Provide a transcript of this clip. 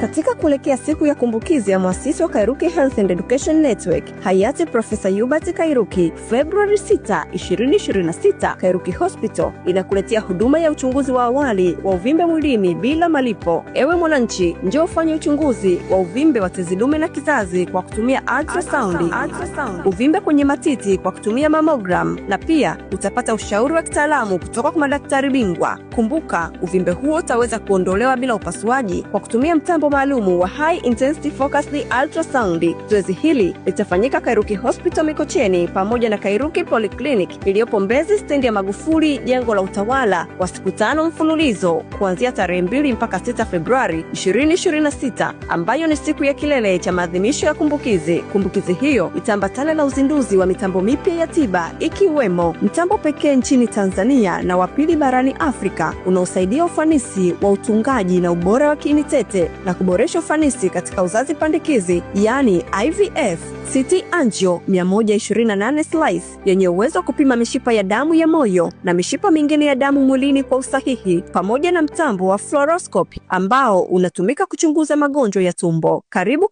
Katika kuelekea siku ya kumbukizi ya mwasisi wa Kairuki Health and Education Network hayati Profesa Hubert Kairuki, Februari 6, 2026, Kairuki Hospital inakuletea huduma ya uchunguzi wa awali wa uvimbe mwilini bila malipo. Ewe mwananchi, njoo ufanye uchunguzi wa uvimbe wa tezi dume na kizazi kwa kutumia ultrasound, uvimbe kwenye matiti kwa kutumia mamogram, na pia utapata ushauri wa kitaalamu kutoka kwa madaktari bingwa. Kumbuka, uvimbe huo utaweza kuondolewa bila upasuaji kwa kutumia mtambo mtambo maalumu wa High Intensity Focused Ultrasound. Zoezi hili litafanyika Kairuki Hospital Mikocheni pamoja na Kairuki Polyclinic iliyopo Mbezi stendi ya Magufuli, jengo la utawala, kwa siku tano mfululizo kuanzia tarehe 2 mpaka 6 Februari 2026 ambayo ni siku ya kilele cha maadhimisho ya kumbukizi. Kumbukizi hiyo itaambatana na uzinduzi wa mitambo mipya ya tiba ikiwemo mtambo pekee nchini Tanzania na wa pili barani Afrika unaosaidia ufanisi wa utungaji na ubora wa kinitete na kuboresha ufanisi katika uzazi pandikizi yaani IVF CT Angio 128 slice yenye uwezo wa kupima mishipa ya damu ya moyo na mishipa mingine ya damu mwilini kwa usahihi pamoja na mtambo wa fluoroscopy ambao unatumika kuchunguza magonjwa ya tumbo. Karibu.